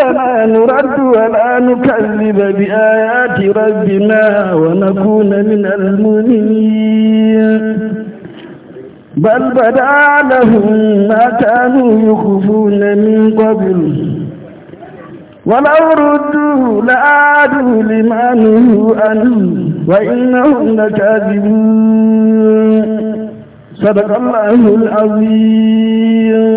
كما نرد ولا نكذب بآيات ربنا ونكون من المؤمنين بل بدا لهم ما كانوا يخفون من قبل ولو ردوا لعادوا لما نهوا عنه وإنهم لكاذبون صدق الله العظيم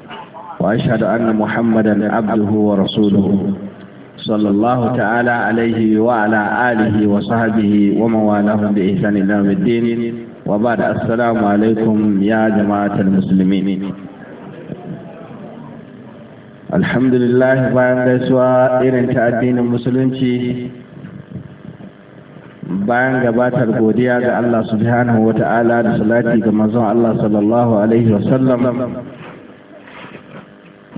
وأشهد أن محمدا عبده ورسوله صلى الله تعالى عليه وعلى آله وصحبه ومن والاهم بإحسان إلى يوم الدين وبعد السلام عليكم يا جماعة المسلمين alhamdulillah bayan gaisuwa irin addinin musulunci bayan gabatar godiya ga Allah subhanahu wa ta'ala da salati ga manzon Allah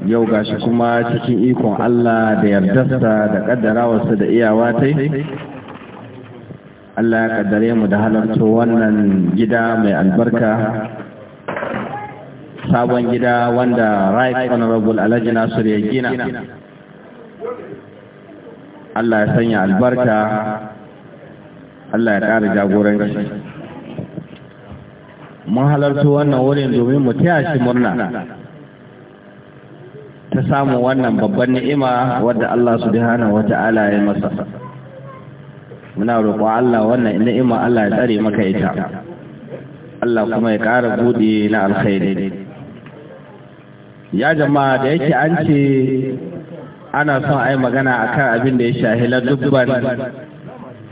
yau gashi kuma cikin ikon Allah da yardarsa da kaddarawarsa da iyawa ta Allah ya kaddare mu da halarta wannan gida mai albarka sabon gida wanda right honorable alhaji nasiru ya gina Allah ya sanya albarka Allah ya ƙara jagoranci mun halarta wannan wurin domin mu taya shi murna ta samu wannan babban ni'ima wadda Allah subhanahu wata'ala ya masa muna roƙo Allah wannan ni'ima Allah ya tsare maka ita Allah kuma ya ƙara buɗe na alkhairi ya jama'a da yake an ce ana son a yi magana akan abin da ya shahila dubban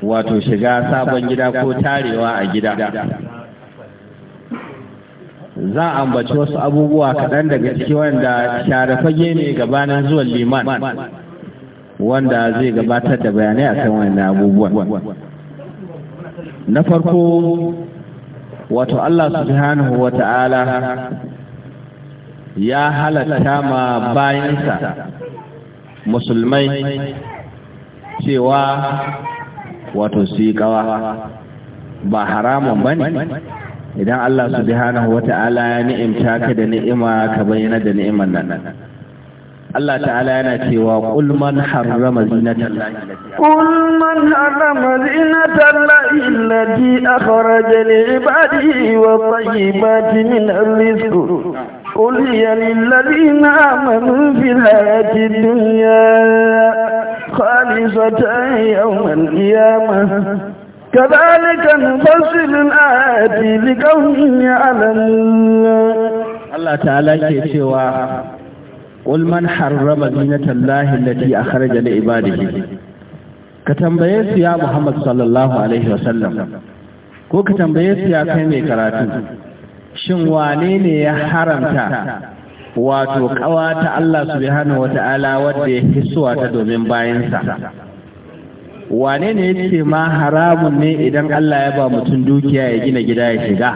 wato shiga sabon gida ko tarewa a gida za a ambaci wasu abubuwa kaɗan daga ciki wanda share fage ne gabanin zuwan liman wanda zai gabatar da bayanai a kan wani abubuwan na farko wato Allah subhanahu wa ta'ala ya halatta ma bayansa musulmai cewa wato su yi kawa ba haramun ba ne idan Allah subhanahu wata'ala ya ni'imta ka da ni'ima ka bayyana da ni'iman nan Allah ta'ala yana cewa qul man harrama zinata qul man harrama zinata allahi allati akhraja li ibadihi wa tayyibati min rizq قل هي للذين آمنوا في الحياة الدنيا خالصة يوم القيامة كذلك نفصل الآيات لقوم يعلمون الله تعالى كيتوا قل من حرم زينة الله التي أخرج لعباده كتنبيه يا محمد صلى الله عليه وسلم ko ka tambaye su ya kai mai karatu shin wane ne ya haramta wato kawa ta Allah subhanahu wata'ala wadda ya hisuwa ta domin bayansa wane ne ya ce ma haramun ne idan Allah ya ba mutum dukiya ya gina gida ya shiga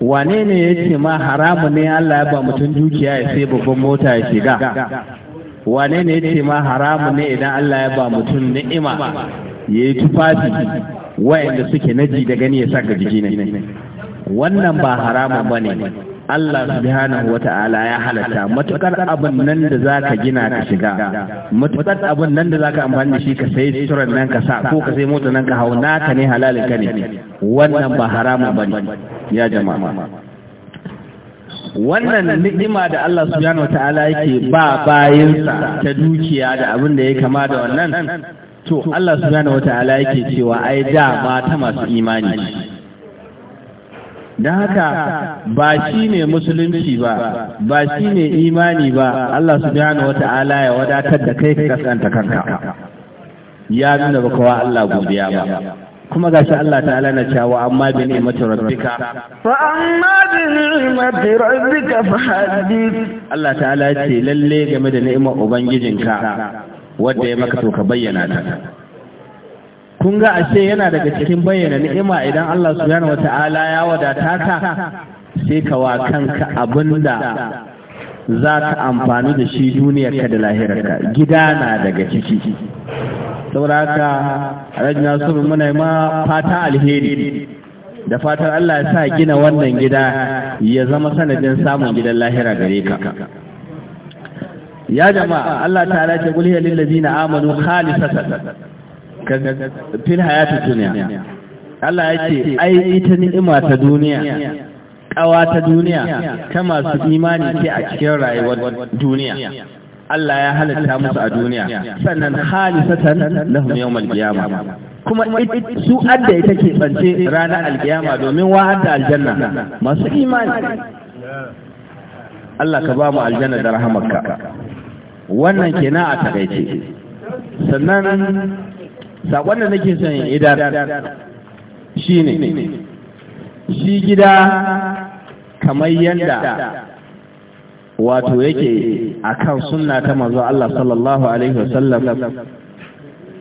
wane ne ya ce ma haramun ne Allah ya ba mutum dukiya ya sai babban mota ya shiga wane ne ya ce ma haramun ne idan Allah ya ba mutum ni'ima ya yi tufafi wa'anda suke naji da gani ya saka jiki ne wannan ba haramun ba ne Allah subhanahu wa ta'ala ya halatta matukar abin nan da za ka gina ka shiga matukar abin nan da za ka amfani da shi ka sai suran nan ka sa ko ka sai mota nan ka hau naka ne halalin ka ne wannan ba haramun ba ne ya jama'a wannan ni'ima da Allah subhanahu wa ta'ala yake ba bayinsa ta dukiya da abin da ya kama da wannan to Allah subhanahu wa ta'ala yake cewa ai da mata masu imani don haka ba shi ne musulunci ba ba shi ne imani ba Allah subhanahu wata'ala ya wadatar da kai ka kaskanta kanka ya nuna ba kowa Allah godiya ba kuma gashi Allah ta'ala na cewa amma bi ni'mati rabbika fa amma bi ni'mati rabbika fa hadith Allah ta'ala ce lalle game da ni'imar ubangijinka wanda ya maka to ka bayyana ta kun ga ashe yana daga cikin bayyana ni'ima idan Allah subhanahu wata'ala ya wadata ka sai ka wa kanka abinda za ka amfani da shi duniyarka da lahirarka gida na daga ciki saboda haka rajina su muna ma fata alheri da fatar Allah ya sa gina wannan gida ya zama sanadin samun gidan lahira gare ka ya jama'a Allah ta ce kulhiya lil ladina amanu khalisatan fil hayatu duniya Allah ya ce ai ita ni'ima ta duniya kawa ta duniya ta masu imani ce a cikin rayuwar duniya Allah ya halitta musu a duniya sannan halisatan lahum yawmal qiyamah kuma su adda ita ke tsance ranar alkiyama domin wa'adda aljanna masu imani Allah ka ba mu aljanna da rahamarka wannan kenan a takaice sannan saƙon da nake son idan ne. shi gida kamar yadda wato yake akan suna ta manzo Allah sallallahu alaihi wasallam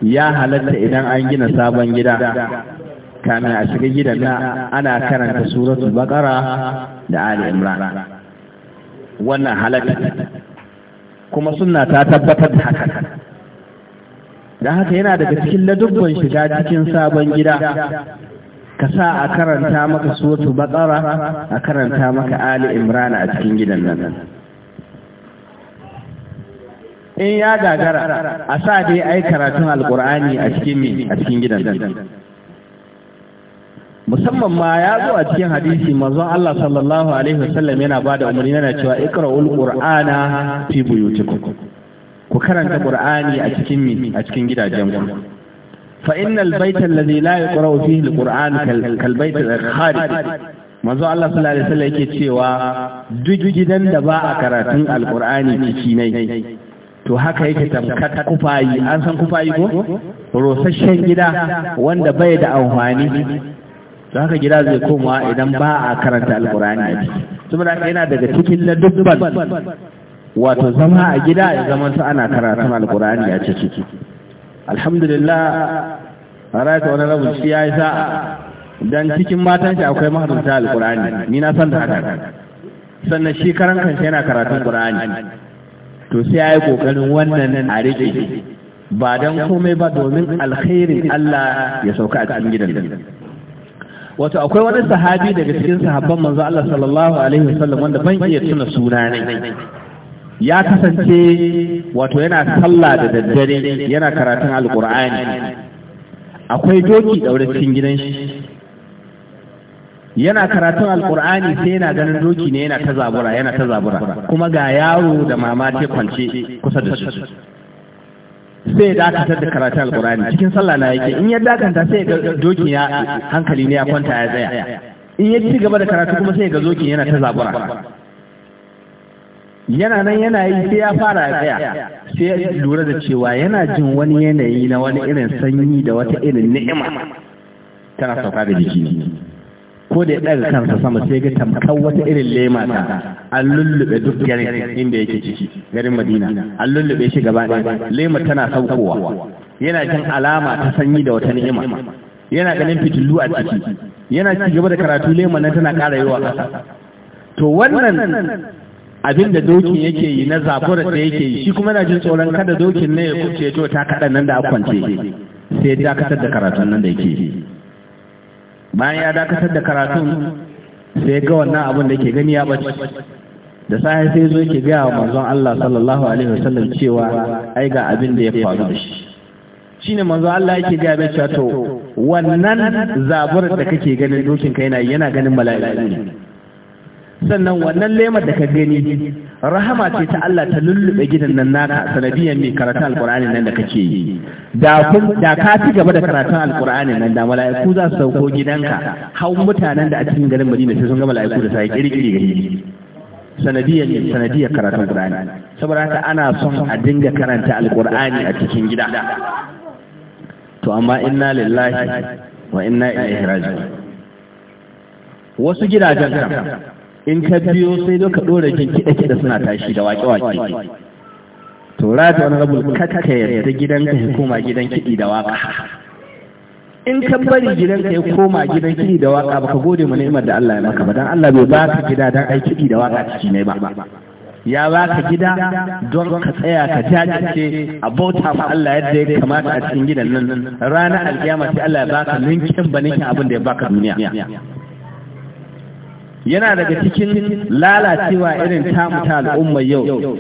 ya halatta idan an gina sabon gida kamin a shiga gidan na ana karanta suratul baqara da ali imran wannan halatta kuma suna ta tabbatar da haka don haka yana daga cikin ladubban shiga cikin sabon gida ka sa a karanta maka Sotu batsara a karanta maka ali imrana a cikin gidan nan in ya gagara a sa dai ai karatun alkur'ani a cikin a cikin gidan nan musamman ma ya zo a cikin hadisi manzon Allah sallallahu alaihi wasallam yana bada umarni yana cewa iqra'ul qur'ana fi buyutikum ku karanta qur'ani a cikin mi a cikin gidajen ku fa innal baita alladhi la yuqra'u fihi alquran kal bait al-kharij manzo Allah sallallahu alaihi wasallam yake cewa duk gidan da ba a karatun alqur'ani ciki ne to haka yake tamkar kufayi an san kufayi ko rosasshen gida wanda bai da amfani to haka gida zai koma idan ba a karanta alqur'ani saboda yana daga cikin ladubban wato zama a gida ya zama ta ana karatun alkur'ani a ciki alhamdulillah a rayata wani rabu shi ya yi sa'a Don cikin matan shi akwai mahadunta alkur'ani ni na san da haka sannan shi karan kansa yana karatun alkurani to sai ya yi kokarin wannan a rike ba don komai ba domin alkhairin Allah ya sauka a cikin gidan wato akwai wani sahabi daga cikin sahabban manzo Allah sallallahu alaihi wasallam wanda ban iya tuna suna ne ya kasance wato yana sallah da daddare yana karatun alkur'ani akwai doki daure cikin gidan shi yana karatun alkur'ani sai yana ganin doki ne yana ta zabura yana ta zabura kuma ga yaro da mama ce kwance kusa da shi, sai ya dakatar da karatun alkur'ani cikin sallah na yake in ya dakanta sai ya doki ya hankali ne ya kwanta ya tsaya in ya ci gaba da karatu kuma sai ya ga doki yana ta zabura yana nan yana yi sai ya fara tsaya sai ya lura da cewa yana jin wani yanayi na wani irin sanyi da wata irin ni'ima tana sauka da jiki ko da ya ɗaga kansa sama sai ga tamkar wata irin lema ta an lullube duk garin inda yake ciki garin madina an lullube shi gaba ɗaya lema tana saukowa yana jin alama ta sanyi da wata ni'ima yana ganin fitilu a ciki yana ci gaba da karatu lema nan tana ƙara yawa ƙasa to wannan abin da dokin yake yi na zaburar da yake yi shi kuma na jin tsoron kada dokin ne ya kuce to ta kaɗan nan da akwance sai dakatar da karatun nan da yake bayan ya dakatar da karatun sai ga wannan abin da ke gani ya bace da sahi sai zo yake gaya wa manzon Allah sallallahu alaihi wasallam cewa ai ga abin da ya faru da shi shine manzon Allah yake gaya mai cewa to wannan zaburar da kake ganin dokin kai yana yana ganin mala'iku ne sannan wannan lemar da ka gani rahama ce ta Allah ta lullube gidan nan naka sanadiyan mai karatun alkur'ani nan da kake yi da kun da ka ci gaba da karatun alkur'ani nan da mala'iku za su sauko gidanka hau mutanen da a cikin garin Madina sai sun ga mala'iku da sai kirkiri gari sanadiyar sanadiyar karatun alkur'ani saboda haka ana son a dinga karanta alkur'ani a cikin gida to amma inna lillahi wa inna ilaihi raji'un wasu gidajen kan in ka biyo sai ka dora jin kiɗa kiɗa suna tashi da waƙe waƙe to ta wani rabu kakka gidan ka ya koma gidan kiɗi da waƙa in ka bari ka ya koma gidan kiɗi da waƙa baka gode mu ni'imar da Allah ya maka ba dan Allah bai ka gida dan ai kiɗi da waƙa ciki ne ba ya ba ka gida don ka tsaya ka jajirce a bauta ma Allah yadda ya kamata a cikin gidan nan ranar alkiyama sai Allah ya baka ninkin ba ninkin abin da ya baka duniya yana daga cikin lalacewa irin tamu ta al'ummar yau